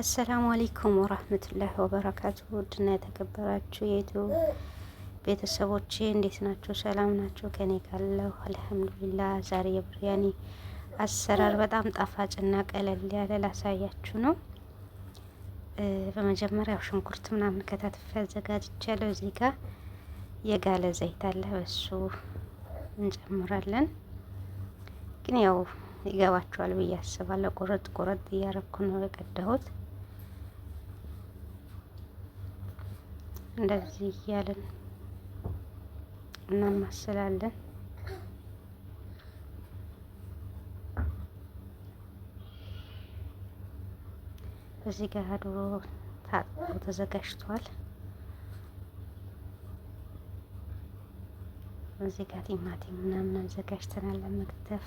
አሰላሙ አሌይኩም ወራህመቱላህ ወበረካቱ። ውድና የተከበራችሁ የኢትዮ ቤተሰቦቼ እንዴት ናቸው? ሰላም ናቸው? ከኔ ካለሁ አልሐምዱሊላህ። ዛሬ የብርያኒ አሰራር በጣም ጣፋጭና ቀለል ያለ ላሳያችሁ ነው። በመጀመሪያው ሽንኩርት ምናምን ከታትፌ አዘጋጅቻለሁ። እዚህ ጋር የጋለ ዘይት አለ፣ በሱ እንጨምራለን። ግን ያው ይገባችኋል ብዬ አስባለሁ። ቁረጥ ቁረጥ እያረኩ ነው የቀዳሁት። እንደዚህ እያለን እናማስላለን። እዚህ ጋር ዶሮ ታጥቦ ተዘጋጅቷል። እዚህ ጋር ቲማቲም ምናምን አዘጋጅተናል ለመክተፍ።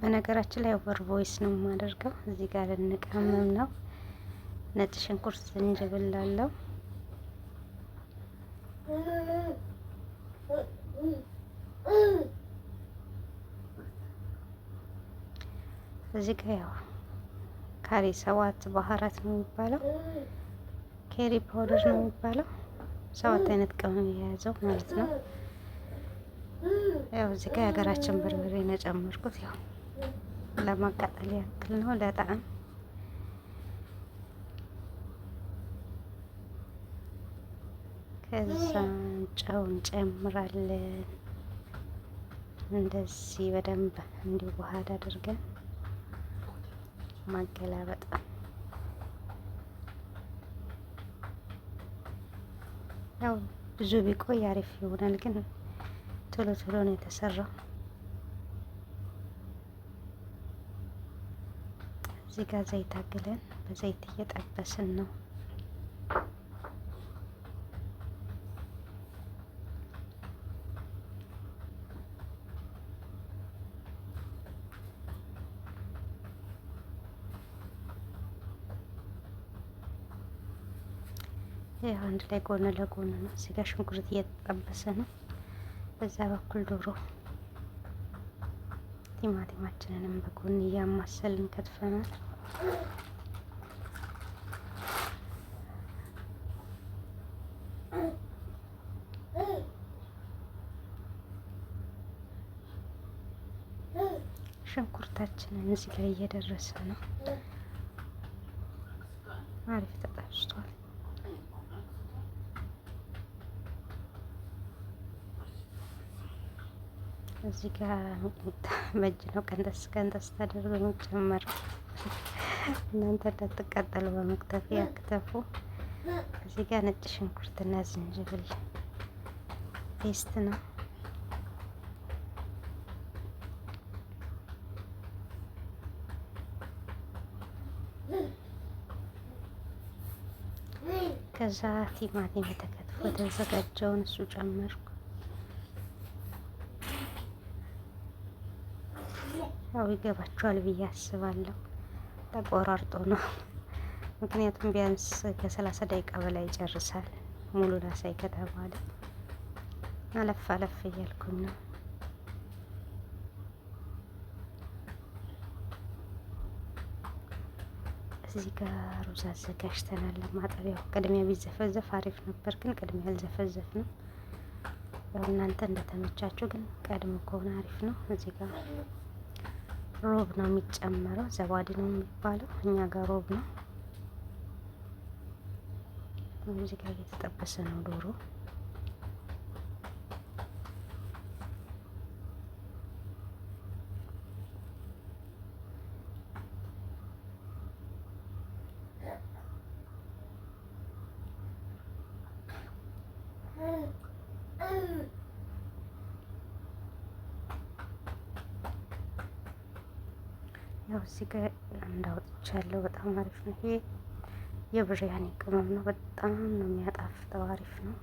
በነገራችን ላይ ኦቨር ቮይስ ነው የማደርገው። እዚህ ጋር ልንቀመም ነው። ነጭ ሽንኩርት፣ ዝንጅብል አለው። እዚህ ጋ ያው ካሪ ሰባት ባህራት ነው የሚባለው፣ ኬሪ ፓውደር ነው የሚባለው። ሰባት አይነት ቅመም የያዘው ማለት ነው። ያው እዚህ ጋ የሀገራችን በርበሬ ነው የጨመርኩት፣ ያው ለማቃጠል ያክል ነው ለጣዕም ከዛ ጨው እንጨምራለን። እንደዚህ በደንብ እንዲዋሃድ አድርገን ማገላበጥ ያው ብዙ ቢቆይ አሪፍ ይሆናል፣ ግን ቶሎ ቶሎ ነው የተሰራው። እዚህ ጋር ዘይት አግለን በዘይት እየጠበስን ነው። አንድ ላይ ጎን ለጎን ነው። እዚህ ጋር ሽንኩርት እየተጠበሰ ነው። በዛ በኩል ዶሮ ቲማቲማችንንም በጎን እያማሰልን ከትፈናል። ሽንኩርታችንን እዚህ ላይ እየደረሰ ነው። አሪፍ ተጠብሷል። እዚህ ጋር በእጅ ነው ቀንጠስ ቀንጠስ ተደርጎ የሚጨመረው። እናንተ እንዳትቃጠሉ በመክተፍ ያክተፉ። እዚህ ጋር ነጭ ሽንኩርትና ዝንጅብል ፔስት ነው። ከዛ ቲማቲም የተከትፎ ተዘጋጀውን እሱ ጨመርኩ። ያው ይገባችኋል ብዬ አስባለሁ። ተቆራርጦ ነው። ምክንያቱም ቢያንስ ከሰላሳ ደቂቃ በላይ ይጨርሳል። ሙሉን አሳይ ከተባለ አለፍ አለፍ እያልኩኝ ነው። እዚህ ጋር ሩዝ አዘጋጅተናል ለማጠቢያው። ቅድሚያ ቢዘፈዘፍ አሪፍ ነበር፣ ግን ቅድሚያ አልዘፈዘፍ ነው። ያው እናንተ እንደተመቻችሁ፣ ግን ቀድሞ ከሆነ አሪፍ ነው። እዚህ ጋር ሮብ ነው የሚጨመረው። ዘባድ ነው የሚባለው እኛ ጋር ሮብ ነው። እዚህ ጋር እየተጠበሰ ነው ዶሮ ያው እዚህ ጋር እንዳወጥቻለሁ። በጣም አሪፍ ነው። ይሄ የብሪያኒ ቅመም ነው። በጣም ነው የሚያጣፍጠው። አሪፍ ነው።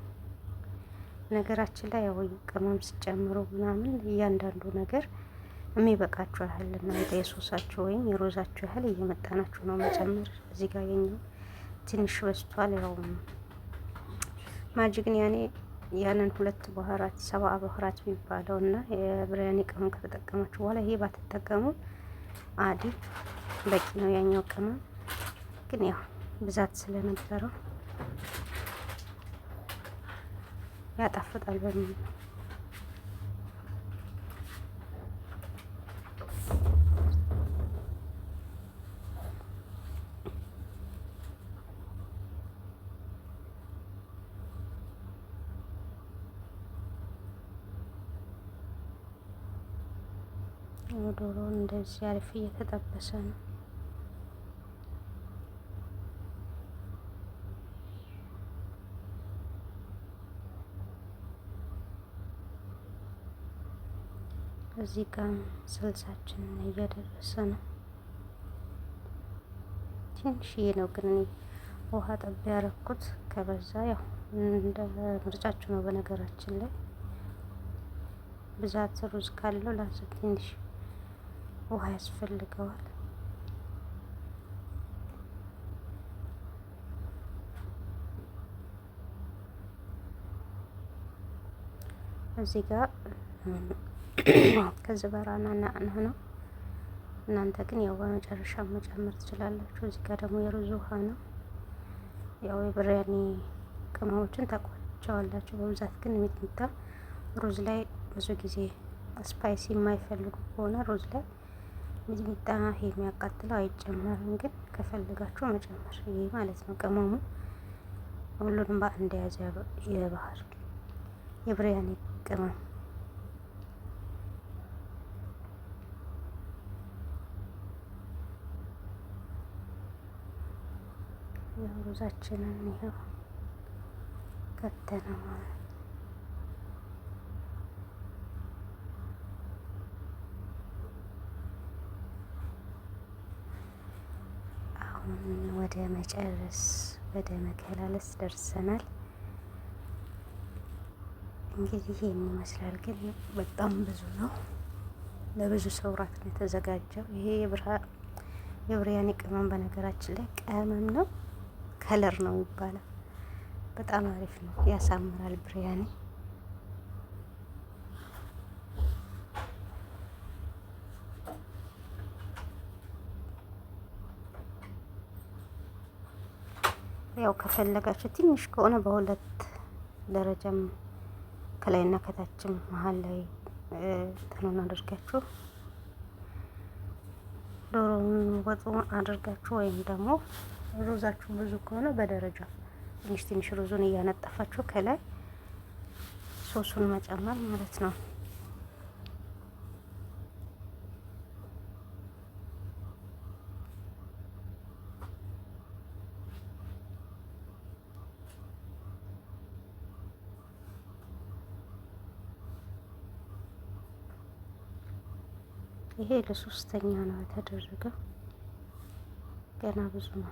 ነገራችን ላይ ያው ቅመም ሲጨምሩ ምናምን እያንዳንዱ ነገር የሚበቃችሁ ያህል እናንተ የሶሳችሁ ወይም የሮዛችሁ ያህል እየመጣናችሁ ነው መጨመር። እዚህ ጋር የኛው ትንሽ በዝቷል። ያው ማጅግን ያኔ ያንን ሁለት ባህራት ሰባ ባህራት የሚባለው እና የብሪያኒ ቅመም ከተጠቀማችሁ በኋላ ይሄ ባትጠቀሙ አዲ በቂ ነው። ያኛው ቅመም ግን ያው ብዛት ስለነበረው ያጣፍጣል በሚል ነው። ነው። ዶሮ እንደዚህ አሪፍ እየተጠበሰ ነው። እዚህ ጋር ስልሳችንን እያደረሰ ነው። ትንሽዬ ነው ግን ውሃ ጠብ ያረኩት። ከበዛ ያው እንደ ምርጫችሁ ነው። በነገራችን ላይ ብዛት ሩዝ ካለው ላስብ ትንሽ ውሃ ያስፈልገዋል። እዚህ ጋር ከዝበራ ናና ነው። እናንተ ግን ያው በመጨረሻ መጨመር ትችላላችሁ። እዚህ ጋር ደግሞ የሩዝ ውሃ ነው። ያው የብሪያኒ ቅመሞችን ታቋቸዋላችሁ። በብዛት ግን ሚጥሚጣ ሩዝ ላይ ብዙ ጊዜ ስፓይሲ የማይፈልጉ ከሆነ ሩዝ ላይ ሚጥሚጣ የሚያቃጥለው አይጨመርም፣ ግን ከፈልጋችሁ መጨመር ይሄ ማለት ነው። ቅመሙ ሁሉንም በአንድ የያዘ የባህር የብሪያኒ ቅመም ያው ሩዛችንን ይኸው ከተነ ማለት ወደ መጨረስ ወደ መከላለስ ደርሰናል። እንግዲህ ይህን ይመስላል። ግን በጣም ብዙ ነው። ለብዙ ሰው ራት ነው የተዘጋጀው። ይሄ የብርያኒ ቅመም በነገራችን ላይ ቅመም ነው፣ ከለር ነው ይባላል። በጣም አሪፍ ነው፣ ያሳምራል ብርያኔ። ያው ከፈለጋችሁ ትንሽ ከሆነ በሁለት ደረጃም ከላይና ከታችም መሀል ላይ ትኑን አድርጋችሁ ዶሮን ወጡ አድርጋችሁ ወይም ደግሞ ሩዛችሁ ብዙ ከሆነ በደረጃ ትንሽ ትንሽ ሩዙን እያነጠፋችሁ ከላይ ሶሱን መጨመር ማለት ነው። ይሄ ለሶስተኛ ነው የተደረገው። ገና ብዙ ነው።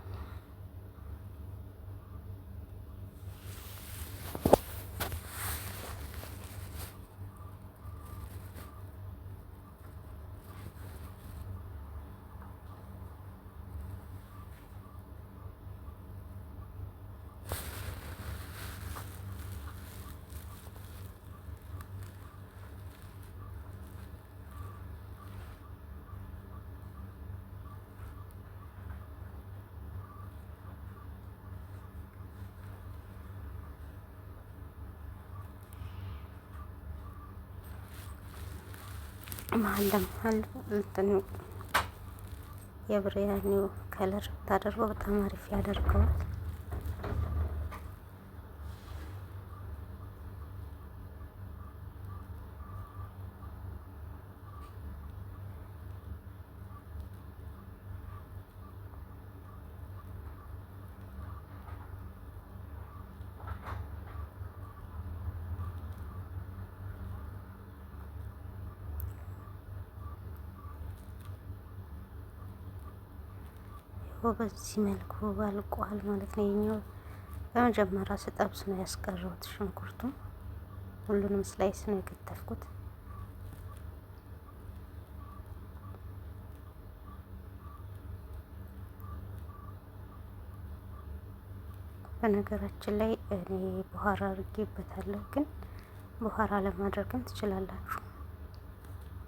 መሀል ለመሀል እንትኑ የብሬያኒው ከለር ብታደርገው በጣም አሪፍ ያደርገዋል። በዚህ መልኩ አልቋል ማለት ነው። የኛው በመጀመሪያ ስጠብስ ነው ያስቀረሁት ሽንኩርቱ፣ ሁሉንም ስላይስ ነው የከተፍኩት። በነገራችን ላይ እኔ በኋራ አድርጌበታለሁ፣ ግን በኋራ ለማድረግም ትችላላችሁ።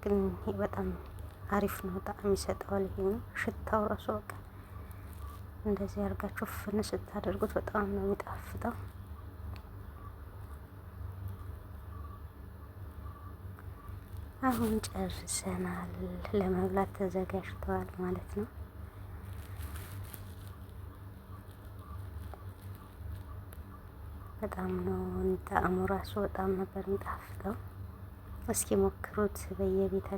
ግን በጣም አሪፍ ነው፣ ጣዕም ይሰጠዋል። ይሄ ነው ሽታው ራሱ በቃ እንደዚህ አድርጋችሁ ፍን ስታደርጉት በጣም ነው የሚጣፍጠው። አሁን ጨርሰናል። ለመብላት ተዘጋጅተዋል ማለት ነው። በጣም ነው ጣዕሙ ራሱ በጣም ነበር የሚጣፍጠው። እስኪ ሞክሩት በየቤታችሁ።